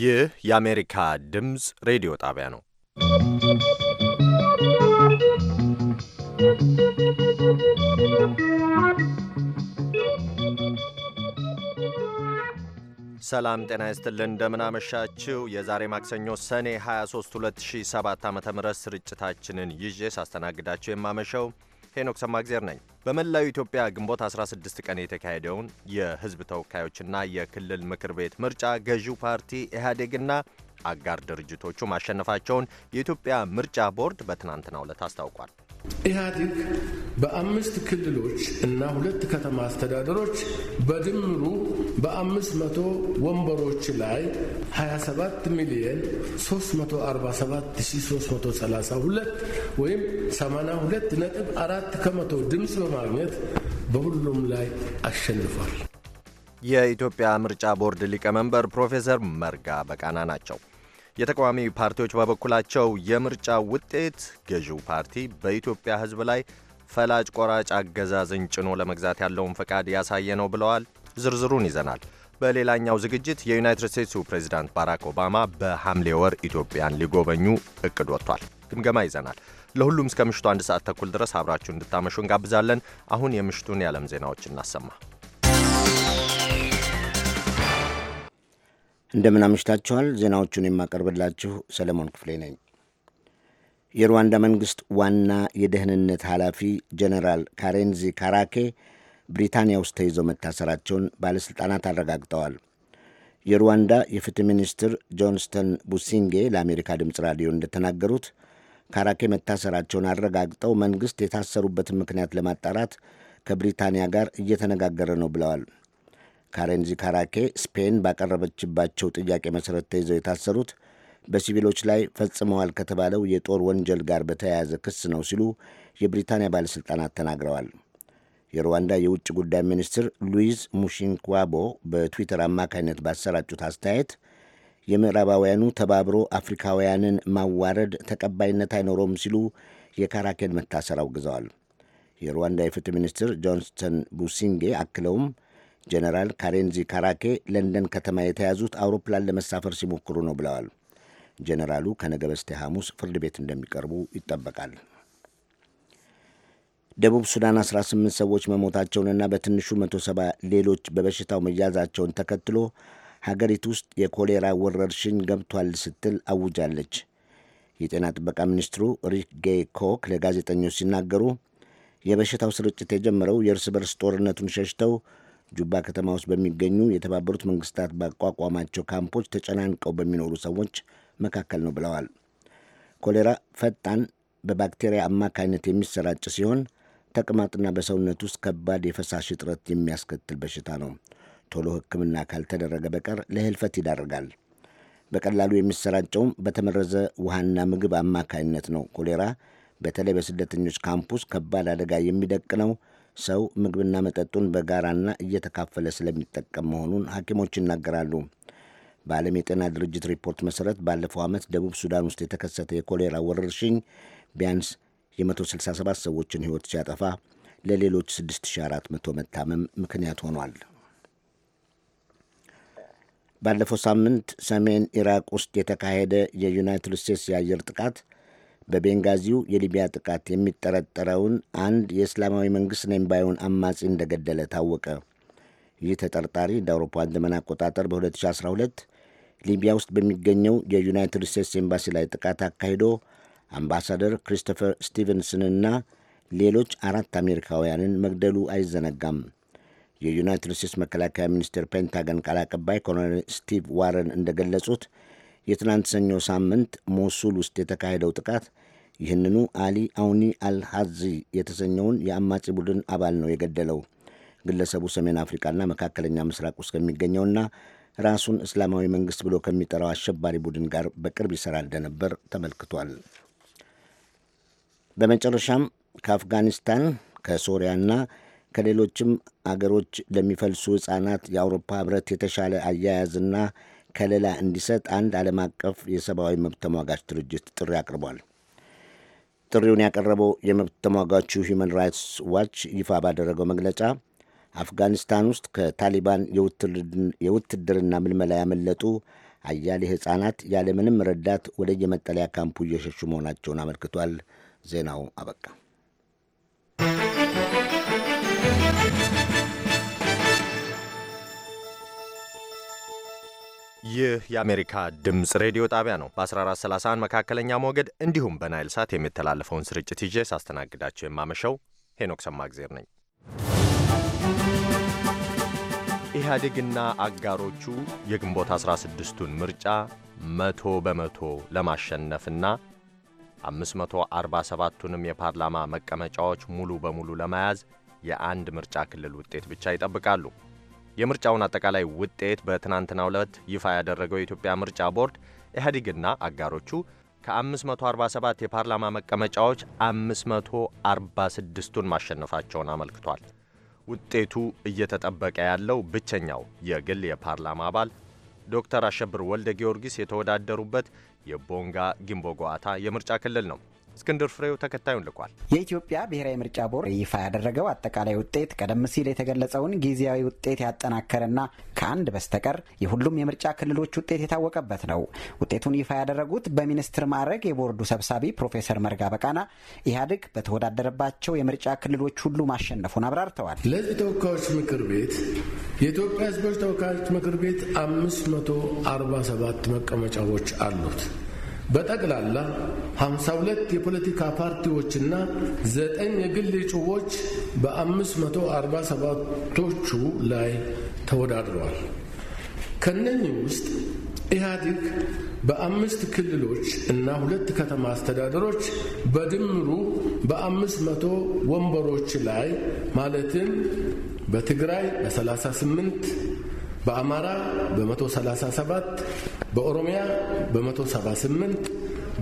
ይህ የአሜሪካ ድምፅ ሬዲዮ ጣቢያ ነው። ሰላም ጤና ይስጥልን፣ እንደምናመሻችው የዛሬ ማክሰኞ ሰኔ 23 2007 ዓ ም ስርጭታችንን ይዤ ሳስተናግዳችሁ የማመሸው ሄኖክ ሰማግዜር ነኝ። በመላው ኢትዮጵያ ግንቦት 16 ቀን የተካሄደውን የህዝብ ተወካዮችና የክልል ምክር ቤት ምርጫ ገዢው ፓርቲ ኢህአዴግና አጋር ድርጅቶቹ ማሸነፋቸውን የኢትዮጵያ ምርጫ ቦርድ በትናንትናው ዕለት አስታውቋል። ኢህአዲግ በአምስት ክልሎች እና ሁለት ከተማ አስተዳደሮች በድምሩ በአምስት መቶ ወንበሮች ላይ 27 ሚሊየን 347332 ወይም 82 ነጥብ አራት ከመቶ ድምፅ በማግኘት በሁሉም ላይ አሸንፏል። የኢትዮጵያ ምርጫ ቦርድ ሊቀመንበር ፕሮፌሰር መርጋ በቃና ናቸው። የተቃዋሚ ፓርቲዎች በበኩላቸው የምርጫ ውጤት ገዢው ፓርቲ በኢትዮጵያ ሕዝብ ላይ ፈላጭ ቆራጭ አገዛዝን ጭኖ ለመግዛት ያለውን ፈቃድ ያሳየ ነው ብለዋል። ዝርዝሩን ይዘናል። በሌላኛው ዝግጅት የዩናይትድ ስቴትሱ ፕሬዚዳንት ባራክ ኦባማ በሐምሌ ወር ኢትዮጵያን ሊጎበኙ እቅድ ወጥቷል። ግምገማ ይዘናል። ለሁሉም እስከ ምሽቱ አንድ ሰዓት ተኩል ድረስ አብራችሁ እንድታመሹ እንጋብዛለን። አሁን የምሽቱን የዓለም ዜናዎች እናሰማ። እንደምን አምሽታችኋል። ዜናዎቹን የማቀርብላችሁ ሰለሞን ክፍሌ ነኝ። የሩዋንዳ መንግሥት ዋና የደህንነት ኃላፊ ጀነራል ካሬንዚ ካራኬ ብሪታንያ ውስጥ ተይዘው መታሰራቸውን ባለሥልጣናት አረጋግጠዋል። የሩዋንዳ የፍትሕ ሚኒስትር ጆንስተን ቡሲንጌ ለአሜሪካ ድምፅ ራዲዮ እንደተናገሩት ካራኬ መታሰራቸውን አረጋግጠው መንግሥት የታሰሩበትን ምክንያት ለማጣራት ከብሪታንያ ጋር እየተነጋገረ ነው ብለዋል። ካሬንዚ ካራኬ ስፔን ባቀረበችባቸው ጥያቄ መሠረት ተይዘው የታሰሩት በሲቪሎች ላይ ፈጽመዋል ከተባለው የጦር ወንጀል ጋር በተያያዘ ክስ ነው ሲሉ የብሪታንያ ባለሥልጣናት ተናግረዋል። የሩዋንዳ የውጭ ጉዳይ ሚኒስትር ሉዊዝ ሙሺንኳቦ በትዊተር አማካኝነት ባሰራጩት አስተያየት የምዕራባውያኑ ተባብሮ አፍሪካውያንን ማዋረድ ተቀባይነት አይኖረውም ሲሉ የካራኬን መታሰር አውግዘዋል። የሩዋንዳ የፍትህ ሚኒስትር ጆንስተን ቡሲንጌ አክለውም ጀነራል ካሬንዚ ካራኬ ለንደን ከተማ የተያዙት አውሮፕላን ለመሳፈር ሲሞክሩ ነው ብለዋል። ጀነራሉ ከነገ በስቲያ ሐሙስ ፍርድ ቤት እንደሚቀርቡ ይጠበቃል። ደቡብ ሱዳን 18 ሰዎች መሞታቸውንና በትንሹ 170 ሌሎች በበሽታው መያዛቸውን ተከትሎ ሀገሪቱ ውስጥ የኮሌራ ወረርሽኝ ገብቷል ስትል አውጃለች። የጤና ጥበቃ ሚኒስትሩ ሪክ ጌ ኮክ ለጋዜጠኞች ሲናገሩ የበሽታው ስርጭት የጀመረው የእርስ በርስ ጦርነቱን ሸሽተው ጁባ ከተማ ውስጥ በሚገኙ የተባበሩት መንግስታት ባቋቋማቸው ካምፖች ተጨናንቀው በሚኖሩ ሰዎች መካከል ነው ብለዋል። ኮሌራ ፈጣን በባክቴሪያ አማካይነት የሚሰራጭ ሲሆን ተቅማጥና በሰውነት ውስጥ ከባድ የፈሳሽ እጥረት የሚያስከትል በሽታ ነው። ቶሎ ሕክምና ካልተደረገ በቀር ለህልፈት ይዳርጋል። በቀላሉ የሚሰራጨውም በተመረዘ ውሃና ምግብ አማካይነት ነው። ኮሌራ በተለይ በስደተኞች ካምፕ ውስጥ ከባድ አደጋ ነው። ሰው ምግብና መጠጡን በጋራና እየተካፈለ ስለሚጠቀም መሆኑን ሐኪሞች ይናገራሉ። በዓለም የጤና ድርጅት ሪፖርት መሠረት ባለፈው ዓመት ደቡብ ሱዳን ውስጥ የተከሰተ የኮሌራ ወረርሽኝ ቢያንስ የ167 ሰዎችን ሕይወት ሲያጠፋ ለሌሎች 6400 መታመም ምክንያት ሆኗል። ባለፈው ሳምንት ሰሜን ኢራቅ ውስጥ የተካሄደ የዩናይትድ ስቴትስ የአየር ጥቃት በቤንጋዚው የሊቢያ ጥቃት የሚጠረጠረውን አንድ የእስላማዊ መንግሥት ነኝ ባዩን አማጺ እንደገደለ ታወቀ። ይህ ተጠርጣሪ እንደ አውሮፓውያን ዘመን አቆጣጠር በ2012 ሊቢያ ውስጥ በሚገኘው የዩናይትድ ስቴትስ ኤምባሲ ላይ ጥቃት አካሂዶ አምባሳደር ክሪስቶፈር ስቲቨንስንና ሌሎች አራት አሜሪካውያንን መግደሉ አይዘነጋም። የዩናይትድ ስቴትስ መከላከያ ሚኒስቴር ፔንታገን ቃል አቀባይ ኮሎኔል ስቲቭ ዋረን እንደገለጹት የትናንት ሰኞ ሳምንት ሞሱል ውስጥ የተካሄደው ጥቃት ይህንኑ አሊ አውኒ አልሃዚ የተሰኘውን የአማጺ ቡድን አባል ነው የገደለው። ግለሰቡ ሰሜን አፍሪካና መካከለኛ ምስራቅ ውስጥ ከሚገኘውና ራሱን እስላማዊ መንግስት ብሎ ከሚጠራው አሸባሪ ቡድን ጋር በቅርብ ይሠራ እንደነበር ተመልክቷል። በመጨረሻም ከአፍጋኒስታን ከሶሪያና ከሌሎችም አገሮች ለሚፈልሱ ሕፃናት የአውሮፓ ህብረት የተሻለ አያያዝና ከለላ እንዲሰጥ አንድ ዓለም አቀፍ የሰብአዊ መብት ተሟጋች ድርጅት ጥሪ አቅርቧል። ጥሪውን ያቀረበው የመብት ተሟጋቹ ሂውማን ራይትስ ዋች ይፋ ባደረገው መግለጫ አፍጋኒስታን ውስጥ ከታሊባን የውትድርና ምልመላ ያመለጡ አያሌ ሕፃናት ያለምንም ረዳት ወደ የመጠለያ ካምፑ እየሸሹ መሆናቸውን አመልክቷል። ዜናው አበቃ። ይህ የአሜሪካ ድምፅ ሬዲዮ ጣቢያ ነው። በ1431 መካከለኛ ሞገድ እንዲሁም በናይል ሳት የሚተላለፈውን ስርጭት ይዤ ሳስተናግዳቸው የማመሸው ሄኖክ ሰማግዜር ነኝ። ኢህአዴግና አጋሮቹ የግንቦት 16ቱን ምርጫ መቶ በመቶ ለማሸነፍና 547ቱንም የፓርላማ መቀመጫዎች ሙሉ በሙሉ ለመያዝ የአንድ ምርጫ ክልል ውጤት ብቻ ይጠብቃሉ። የምርጫውን አጠቃላይ ውጤት በትናንትናው ዕለት ይፋ ያደረገው የኢትዮጵያ ምርጫ ቦርድ ኢህአዴግና አጋሮቹ ከ547 የፓርላማ መቀመጫዎች 546ቱን ማሸነፋቸውን አመልክቷል። ውጤቱ እየተጠበቀ ያለው ብቸኛው የግል የፓርላማ አባል ዶክተር አሸብር ወልደ ጊዮርጊስ የተወዳደሩበት የቦንጋ ጊምቦ ጓታ የምርጫ ክልል ነው። እስክንድር ፍሬው ተከታዩን ልኳል። የኢትዮጵያ ብሔራዊ ምርጫ ቦርድ ይፋ ያደረገው አጠቃላይ ውጤት ቀደም ሲል የተገለጸውን ጊዜያዊ ውጤት ያጠናከረና ከአንድ በስተቀር የሁሉም የምርጫ ክልሎች ውጤት የታወቀበት ነው። ውጤቱን ይፋ ያደረጉት በሚኒስትር ማዕረግ የቦርዱ ሰብሳቢ ፕሮፌሰር መርጋ በቃና ኢህአዴግ በተወዳደረባቸው የምርጫ ክልሎች ሁሉ ማሸነፉን አብራርተዋል። ለህዝብ ተወካዮች ምክር ቤት የኢትዮጵያ ህዝቦች ተወካዮች ምክር ቤት 547 መቀመጫዎች አሉት። በጠቅላላ 52 የፖለቲካ ፓርቲዎችና ዘጠኝ የግል እጩዎች በ547ቶቹ ላይ ተወዳድረዋል። ከነኚህ ውስጥ ኢህአዲግ በአምስት ክልሎች እና ሁለት ከተማ አስተዳደሮች በድምሩ በአምስት መቶ ወንበሮች ላይ ማለትም በትግራይ በ38 በአማራ በ137 በኦሮሚያ በ178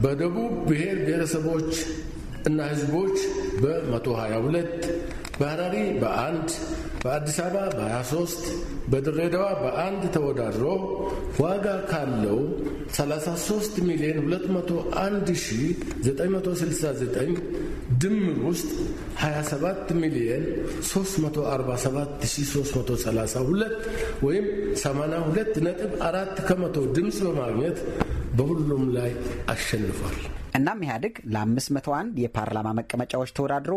በደቡብ ብሔር ብሔረሰቦች እና ህዝቦች በ122 በሐራሪ በአንድ በአዲስ አበባ በ23 በድሬዳዋ በአንድ ተወዳድሮ ዋጋ ካለው 33 ሚሊዮን 201969 ድምር ውስጥ 27 ሚሊዮን 347332 ወይም 82 ነጥብ አራት ከመቶ ድምፅ በማግኘት በሁሉም ላይ አሸንፏል። እናም ኢህአዴግ ለ501 የፓርላማ መቀመጫዎች ተወዳድሮ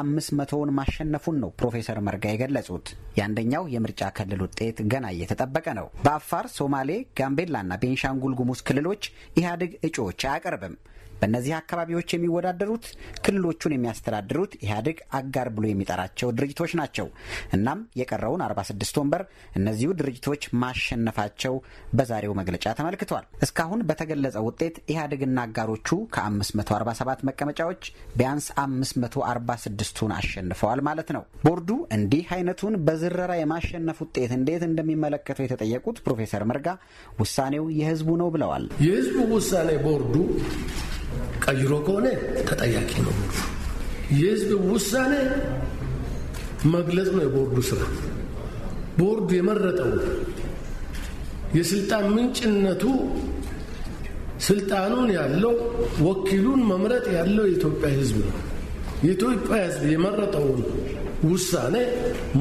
አምስት መቶውን ማሸነፉን ነው ፕሮፌሰር መርጋ የገለጹት። የአንደኛው የምርጫ ክልል ውጤት ገና እየተጠበቀ ነው። በአፋር፣ ሶማሌ፣ ጋምቤላና ቤንሻንጉል ጉሙዝ ክልሎች ኢህአዴግ እጩዎች አያቀርብም። በእነዚህ አካባቢዎች የሚወዳደሩት ክልሎቹን የሚያስተዳድሩት ኢህአዴግ አጋር ብሎ የሚጠራቸው ድርጅቶች ናቸው። እናም የቀረውን 46 ወንበር እነዚሁ ድርጅቶች ማሸነፋቸው በዛሬው መግለጫ ተመልክቷል። እስካሁን በተገለጸ ውጤት ኢህአዴግና አጋሮቹ ከ547 መቀመጫዎች ቢያንስ 546ቱን አሸንፈዋል ማለት ነው። ቦርዱ እንዲህ አይነቱን በዝረራ የማሸነፍ ውጤት እንዴት እንደሚመለከተው የተጠየቁት ፕሮፌሰር መርጋ ውሳኔው የህዝቡ ነው ብለዋል። የህዝቡ ውሳኔ ቦርዱ ቀይሮ ከሆነ ተጠያቂ ነው። የህዝብ ውሳኔ መግለጽ ነው የቦርዱ ስራ። ቦርዱ የመረጠው የስልጣን ምንጭነቱ ስልጣኑን ያለው ወኪሉን መምረጥ ያለው የኢትዮጵያ ህዝብ ነው። የኢትዮጵያ ህዝብ የመረጠውን ውሳኔ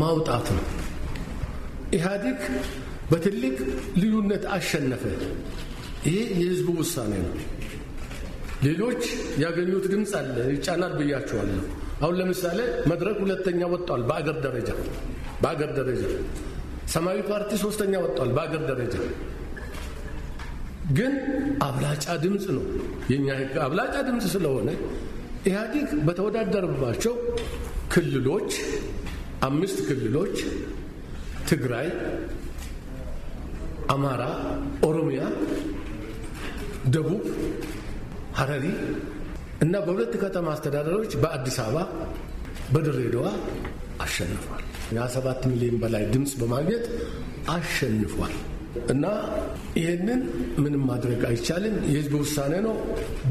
ማውጣት ነው። ኢህአዲግ በትልቅ ልዩነት አሸነፈ። ይህ የህዝቡ ውሳኔ ነው። ሌሎች ያገኙት ድምፅ አለ ይጫናል ብያቸዋለሁ። አሁን ለምሳሌ መድረክ ሁለተኛ ወጥቷል በአገር ደረጃ በአገር ደረጃ ሰማያዊ ፓርቲ ሶስተኛ ወጥቷል በአገር ደረጃ ግን አብላጫ ድምፅ ነው የኛ ህግ አብላጫ ድምፅ ስለሆነ ኢህአዲግ በተወዳደረባቸው ክልሎች አምስት ክልሎች ትግራይ፣ አማራ፣ ኦሮሚያ፣ ደቡብ ሀረሪ እና በሁለት ከተማ አስተዳደሮች በአዲስ አበባ በድሬዳዋ አሸንፏል። ሰባት ሚሊዮን በላይ ድምፅ በማግኘት አሸንፏል። እና ይህንን ምንም ማድረግ አይቻልም። የህዝብ ውሳኔ ነው።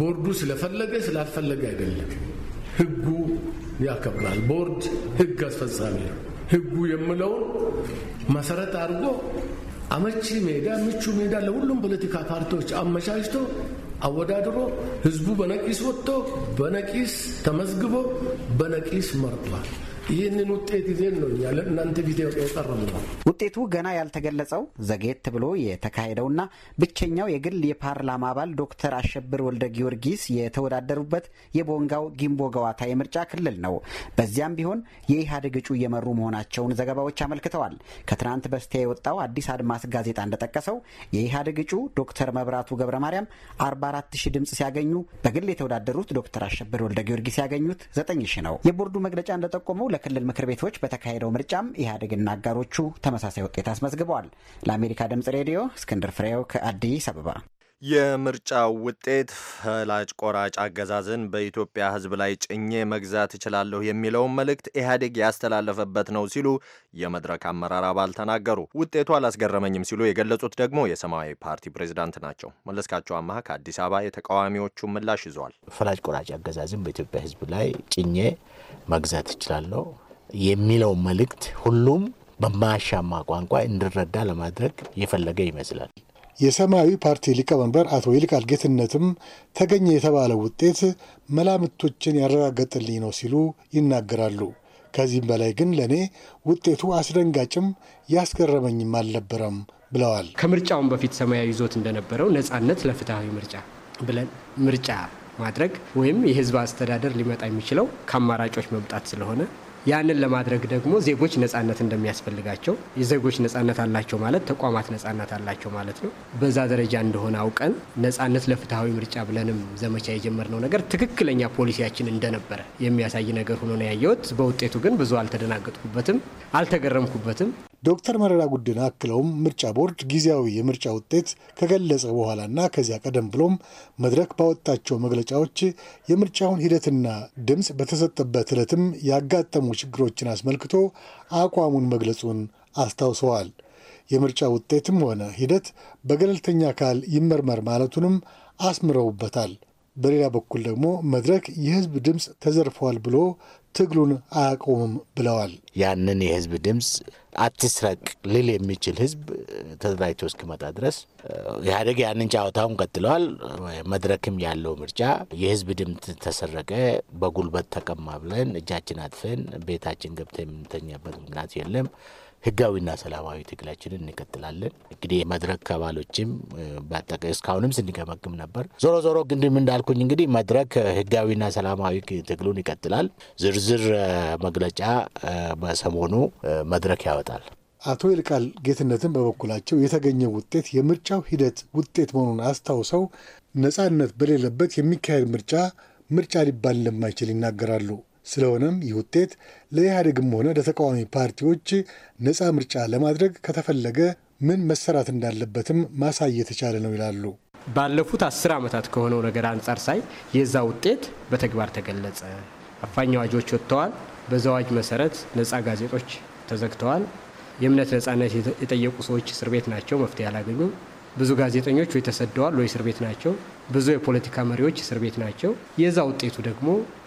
ቦርዱ ስለፈለገ ስላልፈለገ አይደለም። ህጉ ያከብራል። ቦርድ ህግ አስፈጻሚ ነው። ህጉ የምለውን መሰረት አድርጎ አመቺ ሜዳ፣ ምቹ ሜዳ ለሁሉም ፖለቲካ ፓርቲዎች አመቻችቶ አወዳድሮ ህዝቡ በነቂስ ወጥቶ በነቂስ ተመዝግቦ በነቂስ መርጧል። ይህንን ውጤት ይዜን ነው እኛ ለእናንተ ቪዲዮ የቀረብ ነው። ውጤቱ ገና ያልተገለጸው ዘጌት ብሎ የተካሄደውና ብቸኛው የግል የፓርላማ አባል ዶክተር አሸብር ወልደ ጊዮርጊስ የተወዳደሩበት የቦንጋው ጊምቦ ገዋታ የምርጫ ክልል ነው። በዚያም ቢሆን የኢህአዴግ እጩ እየመሩ መሆናቸውን ዘገባዎች አመልክተዋል። ከትናንት በስቲያ የወጣው አዲስ አድማስ ጋዜጣ እንደጠቀሰው የኢህአዴግ እጩ ዶክተር መብራቱ ገብረ ማርያም 44 ሺህ ድምፅ ሲያገኙ በግል የተወዳደሩት ዶክተር አሸብር ወልደ ጊዮርጊስ ያገኙት 9 ሺህ ነው። የቦርዱ መግለጫ እንደጠቆመው በክልል ምክር ቤቶች በተካሄደው ምርጫም ኢህአዴግና አጋሮቹ ተመሳሳይ ውጤት አስመዝግበዋል። ለአሜሪካ ድምጽ ሬዲዮ እስክንድር ፍሬው ከአዲስ አበባ የምርጫው ውጤት ፈላጭ ቆራጭ አገዛዝን በኢትዮጵያ ሕዝብ ላይ ጭኜ መግዛት እችላለሁ የሚለውን መልእክት ኢህአዴግ ያስተላለፈበት ነው ሲሉ የመድረክ አመራር አባል ተናገሩ። ውጤቱ አላስገረመኝም ሲሉ የገለጹት ደግሞ የሰማያዊ ፓርቲ ፕሬዚዳንት ናቸው። መለስካቸው አማሃ ከአዲስ አበባ የተቃዋሚዎቹ ምላሽ ይዘዋል። ፈላጭ ቆራጭ አገዛዝን በኢትዮጵያ ሕዝብ ላይ ጭኜ መግዛት እችላለሁ የሚለው መልእክት ሁሉም በማያሻማ ቋንቋ እንድረዳ ለማድረግ የፈለገ ይመስላል። የሰማያዊ ፓርቲ ሊቀመንበር አቶ ይልቃል ጌትነትም ተገኘ የተባለ ውጤት መላምቶችን ያረጋገጥልኝ ነው ሲሉ ይናገራሉ። ከዚህም በላይ ግን ለእኔ ውጤቱ አስደንጋጭም ያስገረመኝም አልነበረም ብለዋል። ከምርጫውን በፊት ሰማያዊ ይዞት እንደነበረው ነጻነት ለፍትሐዊ ምርጫ ብለን ምርጫ ማድረግ ወይም የህዝብ አስተዳደር ሊመጣ የሚችለው ከአማራጮች መምጣት ስለሆነ ያንን ለማድረግ ደግሞ ዜጎች ነጻነት እንደሚያስፈልጋቸው የዜጎች ነጻነት አላቸው ማለት ተቋማት ነጻነት አላቸው ማለት ነው። በዛ ደረጃ እንደሆነ አውቀን ነጻነት ለፍትሐዊ ምርጫ ብለንም ዘመቻ የጀመርነው ነገር ትክክለኛ ፖሊሲያችን እንደነበረ የሚያሳይ ነገር ሆኖ ነው ያየሁት። በውጤቱ ግን ብዙ አልተደናገጥኩበትም፣ አልተገረምኩበትም። ዶክተር መረራ ጉድን አክለውም ምርጫ ቦርድ ጊዜያዊ የምርጫ ውጤት ከገለጸ በኋላና ከዚያ ቀደም ብሎም መድረክ ባወጣቸው መግለጫዎች የምርጫውን ሂደትና ድምፅ በተሰጠበት ዕለትም ያጋጠሙ ችግሮችን አስመልክቶ አቋሙን መግለጹን አስታውሰዋል። የምርጫ ውጤትም ሆነ ሂደት በገለልተኛ አካል ይመርመር ማለቱንም አስምረውበታል። በሌላ በኩል ደግሞ መድረክ የህዝብ ድምፅ ተዘርፏል ብሎ ትግሉን አያቆምም ብለዋል። ያንን የህዝብ ድምፅ አትስረቅ ልል የሚችል ህዝብ ተደራጅቶ እስክመጣ ድረስ ኢህአዴግ ያንን ጨዋታውን ቀጥለዋል። መድረክም ያለው ምርጫ የህዝብ ድምፅ ተሰረቀ፣ በጉልበት ተቀማ ብለን እጃችን አጥፈን ቤታችን ገብተን የምንተኛበት ምክንያት የለም። ህጋዊና ሰላማዊ ትግላችንን እንቀጥላለን። እንግዲህ መድረክ አባሎችም በጠቀ እስካሁንም ስንገመግም ነበር። ዞሮ ዞሮ ግንድም እንዳልኩኝ እንግዲህ መድረክ ህጋዊና ሰላማዊ ትግሉን ይቀጥላል። ዝርዝር መግለጫ በሰሞኑ መድረክ ያወጣል። አቶ ይልቃል ጌትነትን በበኩላቸው የተገኘው ውጤት የምርጫው ሂደት ውጤት መሆኑን አስታውሰው ነጻነት በሌለበት የሚካሄድ ምርጫ ምርጫ ሊባል እንደማይችል ይናገራሉ። ስለሆነም ይህ ውጤት ለኢህአዴግም ሆነ ለተቃዋሚ ፓርቲዎች ነፃ ምርጫ ለማድረግ ከተፈለገ ምን መሰራት እንዳለበትም ማሳየት የተቻለ ነው ይላሉ። ባለፉት አስር ዓመታት ከሆነው ነገር አንጻር ሳይ የዛ ውጤት በተግባር ተገለጸ። አፋኝ አዋጆች ወጥተዋል። በዛ አዋጅ መሰረት ነፃ ጋዜጦች ተዘግተዋል። የእምነት ነፃነት የጠየቁ ሰዎች እስር ቤት ናቸው፣ መፍትሄ አላገኙም። ብዙ ጋዜጠኞች ወይ ተሰደዋል ወይ እስር ቤት ናቸው። ብዙ የፖለቲካ መሪዎች እስር ቤት ናቸው። የዛ ውጤቱ ደግሞ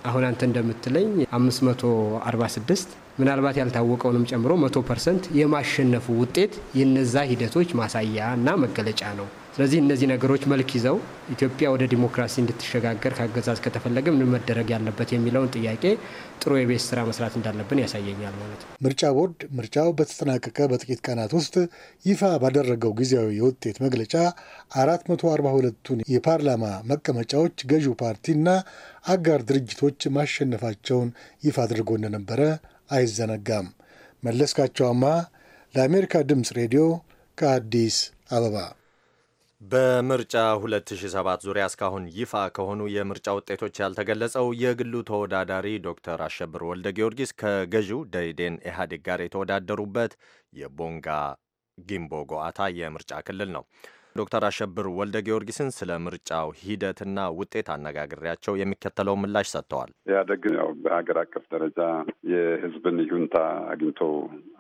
አሁን አንተ እንደምትለኝ 546 ምናልባት ያልታወቀውንም ጨምሮ መቶ ፐርሰንት የማሸነፉ ውጤት የነዛ ሂደቶች ማሳያ እና መገለጫ ነው። ስለዚህ እነዚህ ነገሮች መልክ ይዘው ኢትዮጵያ ወደ ዲሞክራሲ እንድትሸጋገር ከአገዛዝ ከተፈለገ ምን መደረግ ያለበት የሚለውን ጥያቄ ጥሩ የቤት ስራ መስራት እንዳለብን ያሳየኛል ማለት ነው። ምርጫ ቦርድ ምርጫው በተጠናቀቀ በጥቂት ቀናት ውስጥ ይፋ ባደረገው ጊዜያዊ የውጤት መግለጫ 442ቱን የፓርላማ መቀመጫዎች ገዢው ፓርቲና አጋር ድርጅቶች ማሸነፋቸውን ይፋ አድርጎ እንደነበረ አይዘነጋም። መለስካቸዋማ ለአሜሪካ ድምፅ ሬዲዮ ከአዲስ አበባ በምርጫ 2007 ዙሪያ እስካሁን ይፋ ከሆኑ የምርጫ ውጤቶች ያልተገለጸው የግሉ ተወዳዳሪ ዶክተር አሸብር ወልደ ጊዮርጊስ ከገዢው ደኢህዴን ኢህአዴግ ጋር የተወዳደሩበት የቦንጋ ጊምቦ ጎአታ የምርጫ ክልል ነው። ዶክተር አሸብር ወልደ ጊዮርጊስን ስለ ምርጫው ሂደትና ውጤት አነጋግሬያቸው የሚከተለው ምላሽ ሰጥተዋል። ኢህአዴግ ያው በሀገር አቀፍ ደረጃ የህዝብን ይሁንታ አግኝቶ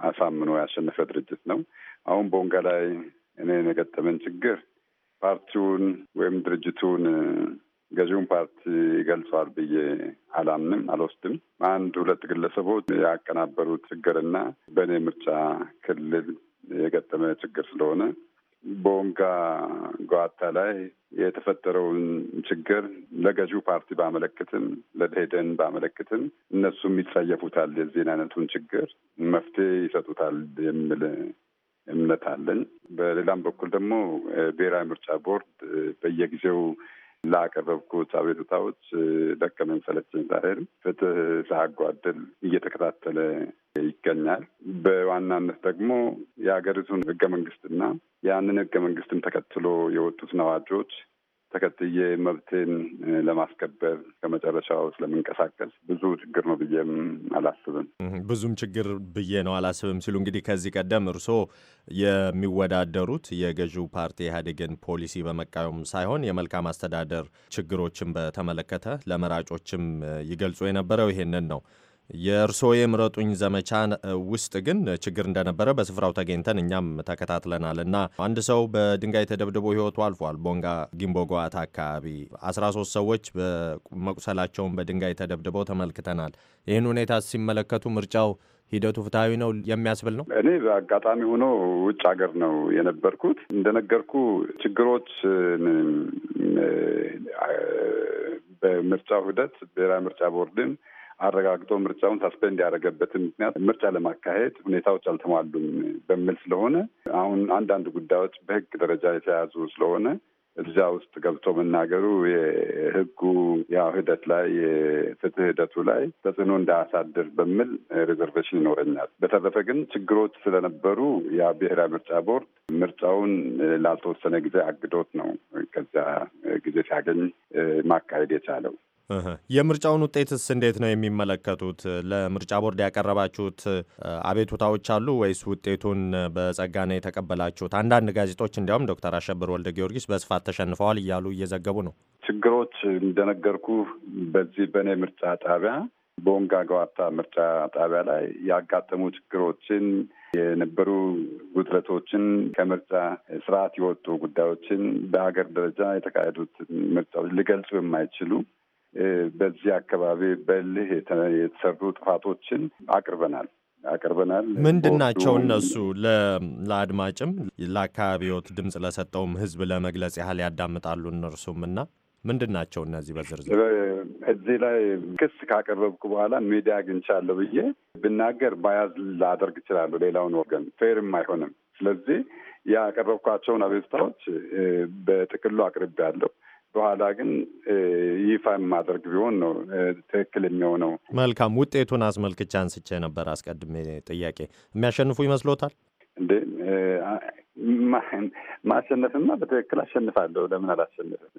አሳምኖ ያሸነፈ ድርጅት ነው። አሁን ቦንጋ ላይ እኔ የገጠመን ችግር ፓርቲውን ወይም ድርጅቱን ገዢውን ፓርቲ ይገልጸዋል ብዬ አላምንም፣ አልወስድም። አንድ ሁለት ግለሰቦች ያቀናበሩት ችግርና በእኔ ምርጫ ክልል የገጠመ ችግር ስለሆነ በወንጋ ጓታ ላይ የተፈጠረውን ችግር ለገዢው ፓርቲ ባመለክትም ለደሄደን ባመለክትም እነሱም ይጸየፉታል። የዚህን አይነቱን ችግር መፍትሄ ይሰጡታል የሚል እምነት አለን። በሌላም በኩል ደግሞ ብሔራዊ ምርጫ ቦርድ በየጊዜው ላቀረብኩት አቤቱታዎች ደከመኝ ሰለቸኝ ሳይል ፍትህ ሳያጓድል እየተከታተለ ይገኛል። በዋናነት ደግሞ የሀገሪቱን ህገ መንግስትና ያንን ህገ መንግስትም ተከትሎ የወጡትን አዋጆች ተከትዬ መብቴን ለማስከበር ከመጨረሻው ስለምንቀሳቀስ ብዙ ችግር ነው ብዬም አላስብም። ብዙም ችግር ብዬ ነው አላስብም ሲሉ እንግዲህ ከዚህ ቀደም እርስዎ የሚወዳደሩት የገዢው ፓርቲ ኢህአዴግን ፖሊሲ በመቃወም ሳይሆን የመልካም አስተዳደር ችግሮችን በተመለከተ ለመራጮችም ይገልጹ የነበረው ይሄንን ነው። የእርስዎ የምረጡኝ ዘመቻ ውስጥ ግን ችግር እንደነበረ በስፍራው ተገኝተን እኛም ተከታትለናል እና አንድ ሰው በድንጋይ ተደብድቦ ህይወቱ አልፏል። ቦንጋ ጊምቦጓት አካባቢ 13 ሰዎች መቁሰላቸውን በድንጋይ ተደብድበው ተመልክተናል። ይህን ሁኔታ ሲመለከቱ ምርጫው ሂደቱ ፍትሐዊ ነው የሚያስብል ነው። እኔ በአጋጣሚ ሆኖ ውጭ ሀገር ነው የነበርኩት። እንደነገርኩ ችግሮች በምርጫው ሂደት ብሔራዊ ምርጫ ቦርድን አረጋግጦ ምርጫውን ሳስፔንድ ያደረገበትን ምክንያት ምርጫ ለማካሄድ ሁኔታዎች አልተሟሉም በሚል ስለሆነ አሁን አንዳንድ ጉዳዮች በህግ ደረጃ የተያዙ ስለሆነ እዚያ ውስጥ ገብቶ መናገሩ የህጉ ያው ሂደት ላይ የፍትህ ሂደቱ ላይ ተጽዕኖ እንዳያሳድር በሚል ሪዘርቬሽን ይኖረኛል። በተረፈ ግን ችግሮች ስለነበሩ ያ ብሔራዊ ምርጫ ቦርድ ምርጫውን ላልተወሰነ ጊዜ አግዶት ነው ከዚያ ጊዜ ሲያገኝ ማካሄድ የቻለው። የምርጫውን ውጤትስ እንዴት ነው የሚመለከቱት? ለምርጫ ቦርድ ያቀረባችሁት አቤቱታዎች አሉ ወይስ ውጤቱን በጸጋ ነው የተቀበላችሁት? አንዳንድ ጋዜጦች እንዲያውም ዶክተር አሸብር ወልደ ጊዮርጊስ በስፋት ተሸንፈዋል እያሉ እየዘገቡ ነው። ችግሮች እንደነገርኩ በዚህ በእኔ ምርጫ ጣቢያ በወንጋ ገዋታ ምርጫ ጣቢያ ላይ ያጋጠሙ ችግሮችን የነበሩ ውጥረቶችን ከምርጫ ስርዓት የወጡ ጉዳዮችን በሀገር ደረጃ የተካሄዱት ምርጫዎች ሊገልጹ የማይችሉ በዚህ አካባቢ በልህ የተሰሩ ጥፋቶችን አቅርበናል አቅርበናል። ምንድን ናቸው እነሱ? ለአድማጭም ለአካባቢዎት ድምፅ ለሰጠውም ህዝብ ለመግለጽ ያህል ያዳምጣሉ እነርሱም እና ምንድን ናቸው እነዚህ በዝርዝር እዚህ ላይ ክስ ካቀረብኩ በኋላ ሚዲያ አግኝቻለሁ ብዬ ብናገር ባያዝ ላደርግ እችላለሁ። ሌላውን ወገን ፌርም አይሆንም። ስለዚህ ያቀረብኳቸውን አቤቱታዎች በጥቅሉ አቅርቤያለሁ። በኋላ ግን ይፋ የማደርግ ቢሆን ነው ትክክል የሚሆነው። መልካም ውጤቱን አስመልክቼ አንስቼ ነበር አስቀድሜ ጥያቄ። የሚያሸንፉ ይመስሎታል ማሸነፍማ በትክክል አሸንፋለሁ። ለምን አላሸንፍም?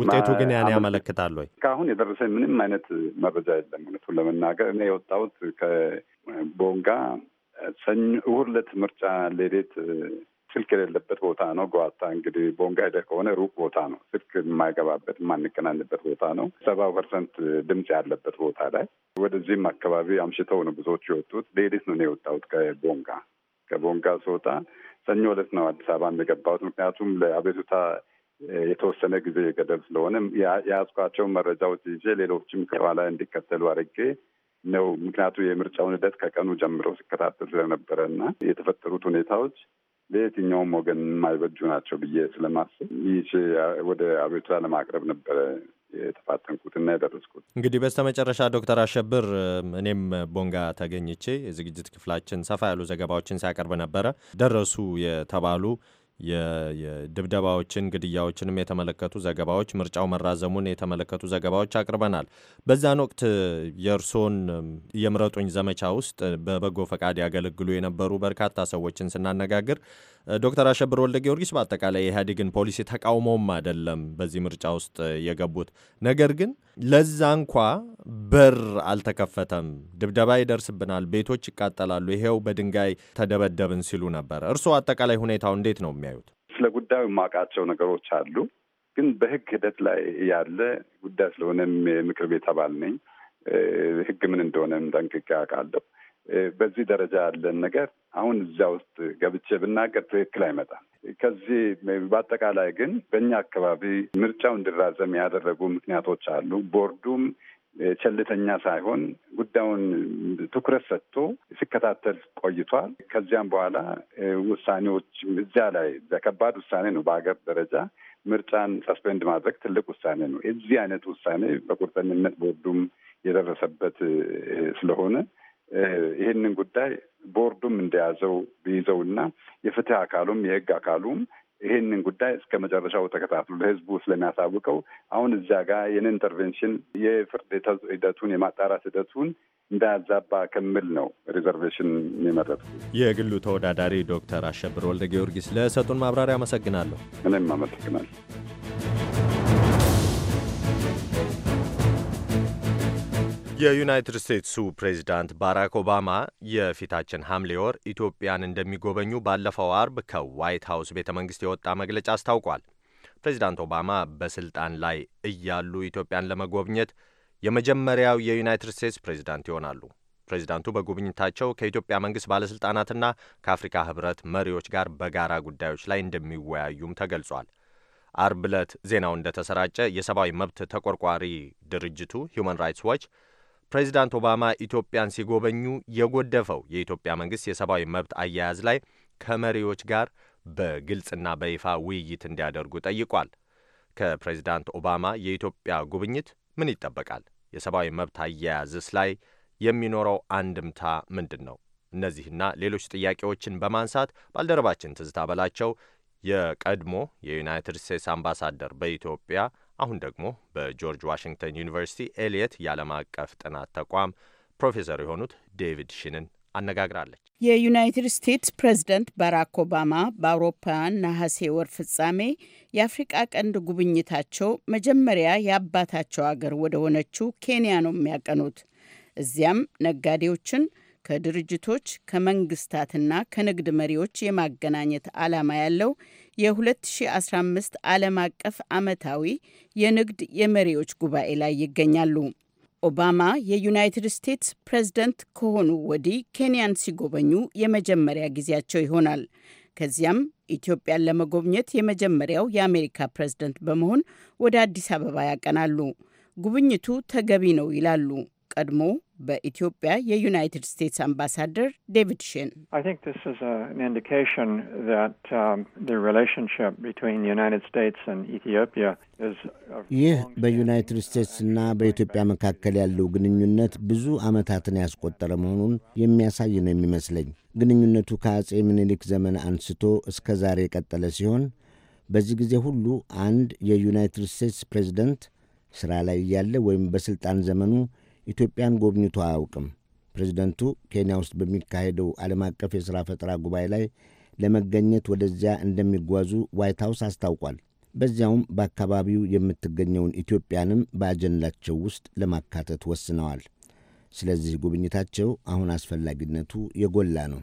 ውጤቱ ግን ያን ያመለክታል ወይ? ከአሁን የደረሰ ምንም አይነት መረጃ የለም። እውነቱን ለመናገር እኔ የወጣሁት ከቦንጋ ሰኞ እሑድ ዕለት ምርጫ ሌሌት ስልክ የሌለበት ቦታ ነው። ጓታ እንግዲህ ቦንጋ ሄደ ከሆነ ሩቅ ቦታ ነው። ስልክ የማይገባበት የማንገናኝበት ቦታ ነው። ሰባ ፐርሰንት ድምፅ ያለበት ቦታ ላይ ወደዚህም አካባቢ አምሽተው ነው ብዙዎች የወጡት። ሌሊት ነው የወጣሁት ከቦንጋ ከቦንጋ ስወጣ ሰኞ ዕለት ነው አዲስ አበባ የገባሁት። ምክንያቱም ለአቤቱታ የተወሰነ ጊዜ ገደብ ስለሆነ የያዝኳቸው መረጃዎች ይዤ ሌሎችም ከኋላ እንዲከተሉ አድርጌ ነው። ምክንያቱ የምርጫውን ሂደት ከቀኑ ጀምሮ ሲከታተል ስለነበረ እና የተፈጠሩት ሁኔታዎች ለየትኛውም ወገን የማይበጁ ናቸው ብዬ ስለማስብ ይህ ወደ አቤቱታ ለማቅረብ ነበረ እና የደረስኩት። እንግዲህ በስተ መጨረሻ ዶክተር አሸብር እኔም ቦንጋ ተገኝቼ የዝግጅት ክፍላችን ሰፋ ያሉ ዘገባዎችን ሲያቀርብ ነበረ። ደረሱ የተባሉ የድብደባዎችን ግድያዎችንም የተመለከቱ ዘገባዎች፣ ምርጫው መራዘሙን የተመለከቱ ዘገባዎች አቅርበናል። በዛን ወቅት የእርሶን የምረጡኝ ዘመቻ ውስጥ በበጎ ፈቃድ ያገለግሉ የነበሩ በርካታ ሰዎችን ስናነጋግር ዶክተር አሸብር ወልደ ጊዮርጊስ በአጠቃላይ የኢህአዴግን ፖሊሲ ተቃውሞም አይደለም በዚህ ምርጫ ውስጥ የገቡት ነገር ግን ለዛ እንኳ በር አልተከፈተም። ድብደባ ይደርስብናል፣ ቤቶች ይቃጠላሉ፣ ይሄው በድንጋይ ተደበደብን ሲሉ ነበር። እርስዎ አጠቃላይ ሁኔታው እንዴት ነው የሚያዩት? ስለ ጉዳዩ የማውቃቸው ነገሮች አሉ፣ ግን በህግ ሂደት ላይ ያለ ጉዳይ ስለሆነ ምክር ቤት አባል ነኝ። ህግ ምን እንደሆነም ጠንቅቄ አውቃለሁ። በዚህ ደረጃ ያለን ነገር አሁን እዚያ ውስጥ ገብቼ ብናገር ትክክል አይመጣም። ከዚህ በአጠቃላይ ግን በእኛ አካባቢ ምርጫው እንዲራዘም ያደረጉ ምክንያቶች አሉ። ቦርዱም ቸልተኛ ሳይሆን ጉዳዩን ትኩረት ሰጥቶ ሲከታተል ቆይቷል። ከዚያም በኋላ ውሳኔዎች እዚያ ላይ ከባድ ውሳኔ ነው። በሀገር ደረጃ ምርጫን ሰስፔንድ ማድረግ ትልቅ ውሳኔ ነው። የዚህ አይነት ውሳኔ በቁርጠኝነት ቦርዱም የደረሰበት ስለሆነ ይህንን ጉዳይ ቦርዱም እንደያዘው እና የፍትህ አካሉም የህግ አካሉም ይህንን ጉዳይ እስከ መጨረሻው ተከታትሎ ለህዝቡ ስለሚያሳውቀው አሁን እዚያ ጋር ይህን ኢንተርቬንሽን የፍርድ ሂደቱን የማጣራት ሂደቱን እንዳያዛባ ከሚል ነው ሪዘርቬሽን የሚመረጥ። የግሉ ተወዳዳሪ ዶክተር አሸብር ወልደ ጊዮርጊስ ለሰጡን ማብራሪያ አመሰግናለሁ። እኔም አመሰግናለሁ። የዩናይትድ ስቴትሱ ፕሬዚዳንት ባራክ ኦባማ የፊታችን ሐምሌ ወር ኢትዮጵያን እንደሚጎበኙ ባለፈው አርብ ከዋይት ሀውስ ቤተ መንግስት የወጣ መግለጫ አስታውቋል። ፕሬዚዳንት ኦባማ በስልጣን ላይ እያሉ ኢትዮጵያን ለመጎብኘት የመጀመሪያው የዩናይትድ ስቴትስ ፕሬዚዳንት ይሆናሉ። ፕሬዚዳንቱ በጉብኝታቸው ከኢትዮጵያ መንግስት ባለሥልጣናትና ከአፍሪካ ህብረት መሪዎች ጋር በጋራ ጉዳዮች ላይ እንደሚወያዩም ተገልጿል። አርብ ዕለት ዜናው እንደተሰራጨ የሰብአዊ መብት ተቆርቋሪ ድርጅቱ ሁማን ራይትስ ዋች ፕሬዚዳንት ኦባማ ኢትዮጵያን ሲጎበኙ የጎደፈው የኢትዮጵያ መንግሥት የሰብአዊ መብት አያያዝ ላይ ከመሪዎች ጋር በግልጽና በይፋ ውይይት እንዲያደርጉ ጠይቋል። ከፕሬዚዳንት ኦባማ የኢትዮጵያ ጉብኝት ምን ይጠበቃል? የሰብአዊ መብት አያያዝስ ላይ የሚኖረው አንድምታ ምንድን ነው? እነዚህና ሌሎች ጥያቄዎችን በማንሳት ባልደረባችን ትዝታ በላቸው የቀድሞ የዩናይትድ ስቴትስ አምባሳደር በኢትዮጵያ አሁን ደግሞ በጆርጅ ዋሽንግተን ዩኒቨርሲቲ ኤልየት የዓለም አቀፍ ጥናት ተቋም ፕሮፌሰር የሆኑት ዴቪድ ሽንን አነጋግራለች። የዩናይትድ ስቴትስ ፕሬዝደንት ባራክ ኦባማ በአውሮፓውያን ነሐሴ ወር ፍጻሜ የአፍሪቃ ቀንድ ጉብኝታቸው መጀመሪያ የአባታቸው አገር ወደ ሆነችው ኬንያ ነው የሚያቀኑት። እዚያም ነጋዴዎችን ከድርጅቶች ከመንግስታትና ከንግድ መሪዎች የማገናኘት ዓላማ ያለው የ2015 ዓለም አቀፍ ዓመታዊ የንግድ የመሪዎች ጉባኤ ላይ ይገኛሉ። ኦባማ የዩናይትድ ስቴትስ ፕሬዝደንት ከሆኑ ወዲህ ኬንያን ሲጎበኙ የመጀመሪያ ጊዜያቸው ይሆናል። ከዚያም ኢትዮጵያን ለመጎብኘት የመጀመሪያው የአሜሪካ ፕሬዝደንት በመሆን ወደ አዲስ አበባ ያቀናሉ። ጉብኝቱ ተገቢ ነው ይላሉ ቀድሞ በኢትዮጵያ የዩናይትድ ስቴትስ አምባሳደር ዴቪድ ሽን um, ይህ በዩናይትድ ስቴትስና በኢትዮጵያ መካከል ያለው ግንኙነት ብዙ ዓመታትን ያስቆጠረ መሆኑን የሚያሳይ ነው የሚመስለኝ። ግንኙነቱ ከአጼ ምኒልክ ዘመን አንስቶ እስከ ዛሬ የቀጠለ ሲሆን በዚህ ጊዜ ሁሉ አንድ የዩናይትድ ስቴትስ ፕሬዚደንት ሥራ ላይ እያለ ወይም በሥልጣን ዘመኑ ኢትዮጵያን ጎብኝቶ አያውቅም። ፕሬዚደንቱ ኬንያ ውስጥ በሚካሄደው ዓለም አቀፍ የሥራ ፈጠራ ጉባኤ ላይ ለመገኘት ወደዚያ እንደሚጓዙ ዋይት ሐውስ አስታውቋል። በዚያውም በአካባቢው የምትገኘውን ኢትዮጵያንም በአጀንዳቸው ውስጥ ለማካተት ወስነዋል። ስለዚህ ጉብኝታቸው አሁን አስፈላጊነቱ የጎላ ነው።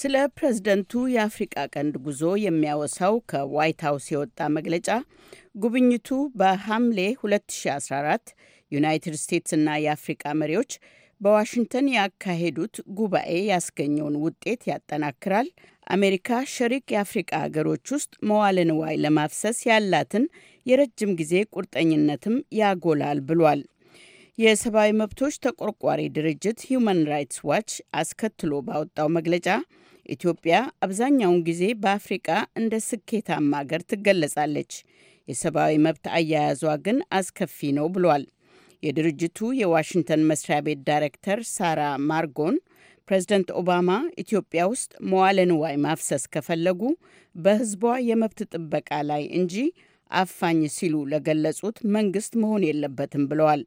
ስለ ፕሬዝደንቱ የአፍሪቃ ቀንድ ጉዞ የሚያወሳው ከዋይት ሀውስ የወጣ መግለጫ ጉብኝቱ በሐምሌ 2014 ዩናይትድ እና የአፍሪቃ መሪዎች በዋሽንግተን ያካሄዱት ጉባኤ ያስገኘውን ውጤት ያጠናክራል። አሜሪካ ሸሪክ የአፍሪቃ ሀገሮች ውስጥ መዋለ ንዋይ ለማፍሰስ ያላትን የረጅም ጊዜ ቁርጠኝነትም ያጎላል ብሏል። የሰብአዊ መብቶች ተቆርቋሪ ድርጅት ሂዩማን ራይትስ ዋች አስከትሎ ባወጣው መግለጫ ኢትዮጵያ አብዛኛውን ጊዜ በአፍሪቃ እንደ ስኬታማ ሀገር ትገለጻለች፣ የሰብአዊ መብት አያያዟ ግን አስከፊ ነው ብሏል። የድርጅቱ የዋሽንግተን መስሪያ ቤት ዳይሬክተር ሳራ ማርጎን ፕሬዝደንት ኦባማ ኢትዮጵያ ውስጥ መዋለ ንዋይ ማፍሰስ ከፈለጉ በሕዝቧ የመብት ጥበቃ ላይ እንጂ አፋኝ ሲሉ ለገለጹት መንግስት መሆን የለበትም ብለዋል።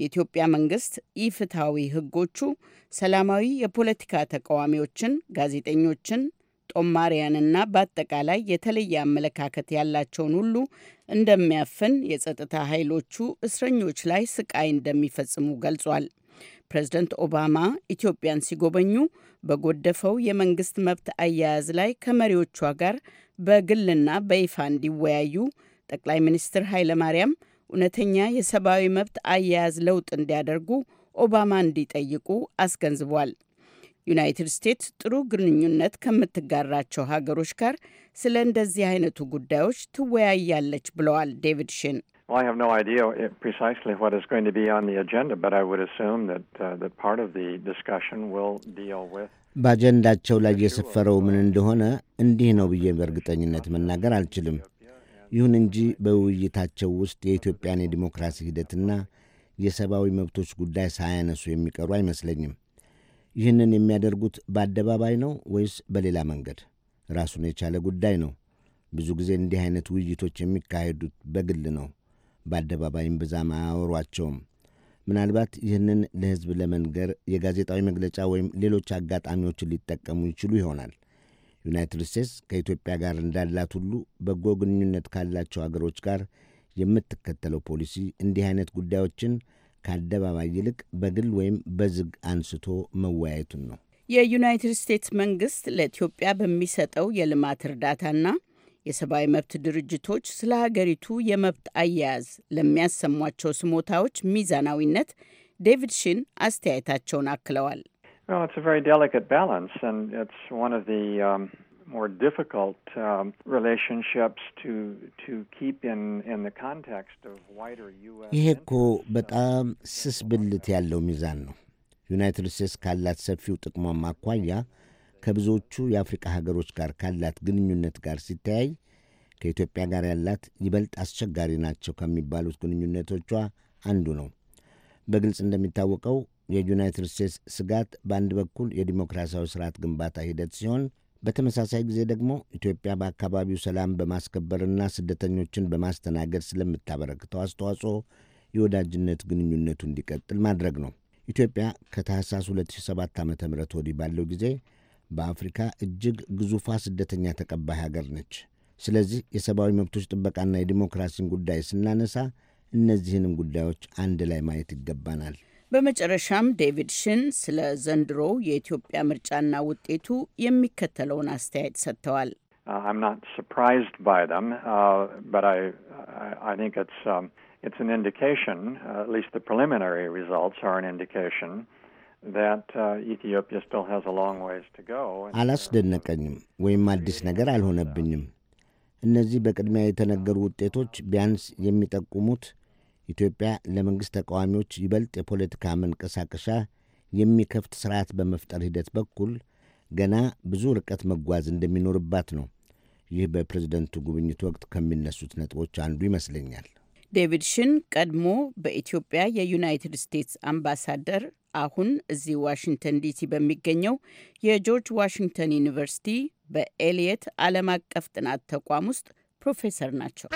የኢትዮጵያ መንግስት ኢፍትሐዊ ህጎቹ ሰላማዊ የፖለቲካ ተቃዋሚዎችን፣ ጋዜጠኞችን፣ ጦማሪያንና በአጠቃላይ የተለየ አመለካከት ያላቸውን ሁሉ እንደሚያፍን፣ የጸጥታ ኃይሎቹ እስረኞች ላይ ስቃይ እንደሚፈጽሙ ገልጿል። ፕሬዝደንት ኦባማ ኢትዮጵያን ሲጎበኙ በጎደፈው የመንግስት መብት አያያዝ ላይ ከመሪዎቿ ጋር በግልና በይፋ እንዲወያዩ ጠቅላይ ሚኒስትር ኃይለማርያም እውነተኛ የሰብአዊ መብት አያያዝ ለውጥ እንዲያደርጉ ኦባማ እንዲጠይቁ አስገንዝቧል። ዩናይትድ ስቴትስ ጥሩ ግንኙነት ከምትጋራቸው ሀገሮች ጋር ስለ እንደዚህ አይነቱ ጉዳዮች ትወያያለች ብለዋል ዴቪድ ሽን። uh, በአጀንዳቸው ላይ የሰፈረው ምን እንደሆነ እንዲህ ነው ብዬ በእርግጠኝነት መናገር አልችልም። ይሁን እንጂ በውይይታቸው ውስጥ የኢትዮጵያን የዲሞክራሲ ሂደትና የሰብአዊ መብቶች ጉዳይ ሳያነሱ የሚቀሩ አይመስለኝም። ይህንን የሚያደርጉት በአደባባይ ነው ወይስ በሌላ መንገድ? ራሱን የቻለ ጉዳይ ነው። ብዙ ጊዜ እንዲህ አይነት ውይይቶች የሚካሄዱት በግል ነው። በአደባባይም ብዛም አያወሯቸውም። ምናልባት ይህንን ለሕዝብ ለመንገር የጋዜጣዊ መግለጫ ወይም ሌሎች አጋጣሚዎችን ሊጠቀሙ ይችሉ ይሆናል። ዩናይትድ ስቴትስ ከኢትዮጵያ ጋር እንዳላት ሁሉ በጎ ግንኙነት ካላቸው አገሮች ጋር የምትከተለው ፖሊሲ እንዲህ አይነት ጉዳዮችን ከአደባባይ ይልቅ በግል ወይም በዝግ አንስቶ መወያየቱን ነው። የዩናይትድ ስቴትስ መንግስት ለኢትዮጵያ በሚሰጠው የልማት እርዳታና የሰብአዊ መብት ድርጅቶች ስለ ሀገሪቱ የመብት አያያዝ ለሚያሰሟቸው ስሞታዎች ሚዛናዊነት ዴቪድ ሺን አስተያየታቸውን አክለዋል። more difficult um, relationships to, to keep in, in the context of wider US ይሄ እኮ በጣም ስስ ብልት ያለው ሚዛን ነው። ዩናይትድ ስቴትስ ካላት ሰፊው ጥቅሟም አኳያ ከብዙዎቹ የአፍሪቃ ሀገሮች ጋር ካላት ግንኙነት ጋር ሲተያይ ከኢትዮጵያ ጋር ያላት ይበልጥ አስቸጋሪ ናቸው ከሚባሉት ግንኙነቶቿ አንዱ ነው። በግልጽ እንደሚታወቀው የዩናይትድ ስቴትስ ስጋት በአንድ በኩል የዲሞክራሲያዊ ስርዓት ግንባታ ሂደት ሲሆን በተመሳሳይ ጊዜ ደግሞ ኢትዮጵያ በአካባቢው ሰላም በማስከበርና ስደተኞችን በማስተናገድ ስለምታበረክተው አስተዋጽኦ የወዳጅነት ግንኙነቱ እንዲቀጥል ማድረግ ነው። ኢትዮጵያ ከታህሳስ 2007 ዓ ም ወዲህ ባለው ጊዜ በአፍሪካ እጅግ ግዙፋ ስደተኛ ተቀባይ ሀገር ነች። ስለዚህ የሰብአዊ መብቶች ጥበቃና የዲሞክራሲን ጉዳይ ስናነሳ እነዚህንም ጉዳዮች አንድ ላይ ማየት ይገባናል። በመጨረሻም ዴቪድ ሽን ስለ ዘንድሮው የኢትዮጵያ ምርጫና ውጤቱ የሚከተለውን አስተያየት ሰጥተዋል። አላስደነቀኝም ወይም አዲስ ነገር አልሆነብኝም። እነዚህ በቅድሚያ የተነገሩ ውጤቶች ቢያንስ የሚጠቁሙት ኢትዮጵያ ለመንግሥት ተቃዋሚዎች ይበልጥ የፖለቲካ መንቀሳቀሻ የሚከፍት ስርዓት በመፍጠር ሂደት በኩል ገና ብዙ ርቀት መጓዝ እንደሚኖርባት ነው። ይህ በፕሬዝደንቱ ጉብኝት ወቅት ከሚነሱት ነጥቦች አንዱ ይመስለኛል። ዴቪድ ሽን ቀድሞ በኢትዮጵያ የዩናይትድ ስቴትስ አምባሳደር አሁን እዚህ ዋሽንግተን ዲሲ በሚገኘው የጆርጅ ዋሽንግተን ዩኒቨርሲቲ በኤልየት ዓለም አቀፍ ጥናት ተቋም ውስጥ ፕሮፌሰር ናቸው።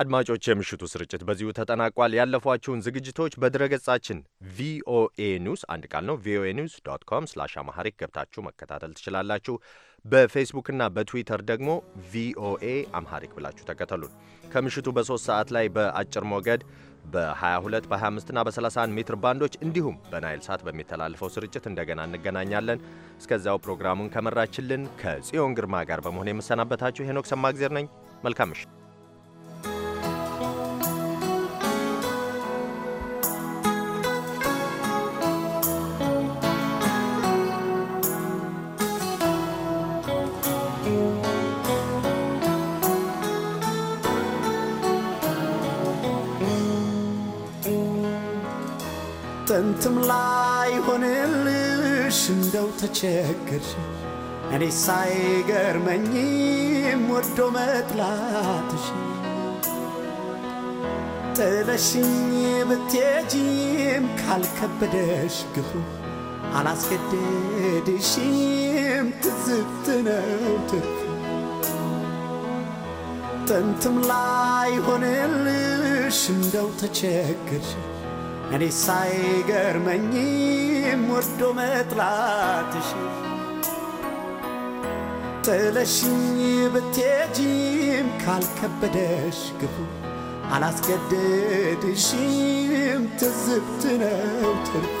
አድማጮች፣ የምሽቱ ስርጭት በዚሁ ተጠናቋል። ያለፏችሁን ዝግጅቶች በድረገጻችን ቪኦኤ ኒውስ አንድ ቃል ነው ቪኦኤ ኒውስ ዶት ኮም ስላሽ አማሐሪክ ገብታችሁ መከታተል ትችላላችሁ። በፌስቡክና በትዊተር ደግሞ ቪኦኤ አምሐሪክ ብላችሁ ተከተሉን። ከምሽቱ በሶስት ሰዓት ላይ በአጭር ሞገድ በ22 በ25ና በ31 ሜትር ባንዶች እንዲሁም በናይል ሳት በሚተላለፈው ስርጭት እንደገና እንገናኛለን። እስከዚያው ፕሮግራሙን ከመራችልን ከጽዮን ግርማ ጋር በመሆን የምሰናበታችሁ ሄኖክ ሰማግዜር ነኝ። መልካም ምሽት። ስንትም ላይ ሆንልሽ እንደው ተቸገርሽ እኔ ሳይገርመኝም ወዶ መጥላትሽ ጥለሽኝ ብትሄጂም ካልከበደሽ ግፉ አላስገደድሽም ትዝብት ነው ትርፉ ጥንትም ላይ ሆንልሽ እንደው ተቸገርሽ እኔ ሳይገርመኝ ወርዶ መጥላትሽ ጥለሽኝ ብትሄጂም ካልከበደሽ ግቡ አላስገደድሽም ትዝብት ነው ትርፉ